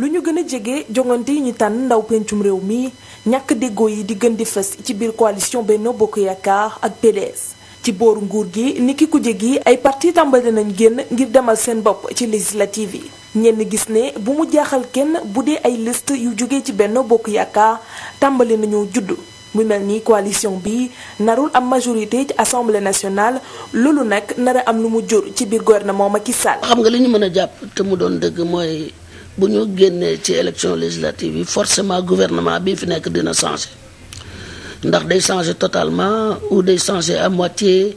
lu ñu gën a jege jongante yi ñu tànn ndaw pencum réew mi ñàkk déggoo yi di gën di fës ci biir coalition benn Bokk Yaakaar ak PDS ci booru nguur gi ni ki kuje gi ay parti tàmbali nañ génn ngir demal seen bopp ci législative yi ñenn gis ne bu mu jaaxal kenn bu dee ay liste yu jógee ci benn Bokk Yaakaar tàmbali nañu judd mu mel ni coalition bi narul am majorité ci assemblée nationale loolu nag nar am lu mu jur ci biir gouvernement Macky Sall. xam nga li ñu mën a jàpp te mu doon dëgg mooy. bu ñu génnee ci élection législative yi forcément gouvernement bi fi nekk dina changer ndax day changer totalement ou day changé à moitié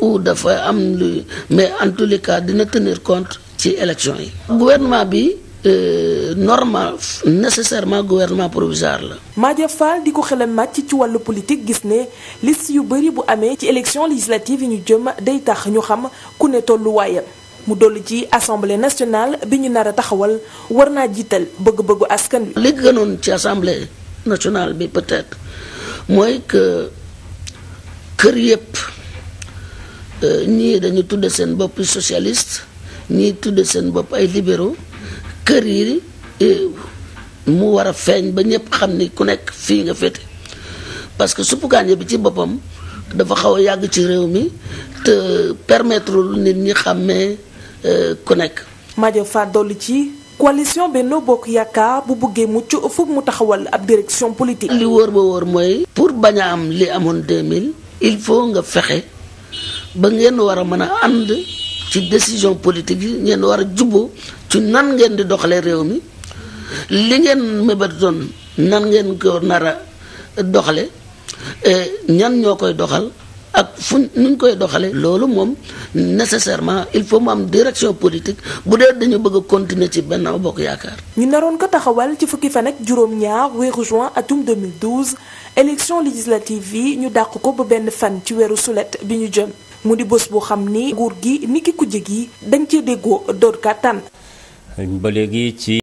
ou dafa am lu mais en tous cas dina tenir compte ci élection yi. gouvernement bi euh, normal nécessairement gouvernement provisoire la. Madia Fall di ko xelam màcc ci wàllu politique gis ne liste yu bëri bu amee ci élection législative yi ñu jëm day tax ñu xam ku ne tolluwaayam. mu dolli ci assemblée nationale bi ñu nar a taxawal war naa jiital bëgg-bëggu askan wi. li gënoon ci assemblée nationale bi peut-être mooy que kër yëpp euh, ñii dañu tudd seen bopp socialiste ñii tudd seen bopp ay libéraux kër yi euh, mu war a feeñ ba ñëpp xam ni ku nekk fii nga féete parce que suppukaañe bi ci boppam dafa xaw a yàgg ci réew mi te permettre nit ñi xàmmee. Euh, ku nekk. Madior Fall dolli ci. coalition Benno Bokk Yaakaar bu bëggee mucc foog mu taxawal ab direction politique. li wóor ba wóor mooy. pour bañ a am li amoon de 2000. il faut nga fexe ba ngeen war a mën a ànd ci décision politique yi ngeen war a jubbo ci nan ngeen di doxalee réew mi li ngeen mébatoon nan ngeen ko nar a doxale ñan ñoo koy doxal ak fu nuñ koy doxalee loolu moom nécessairement il faut mu am direction politique bu dee dañu bëgg a continuer ci Benno Bokk Yaakaar. ñu naroon ko taxawal ci fukki fan ak juróom-ñaar weeru juin atum 2012 élection législative yi ñu dàq ko ba benn fan ci weeru sulet bi ñu jëm mu di bés boo xam ni nguur gi niki ku jég yi dañ cee déggoo door kàttan ba léegi ci.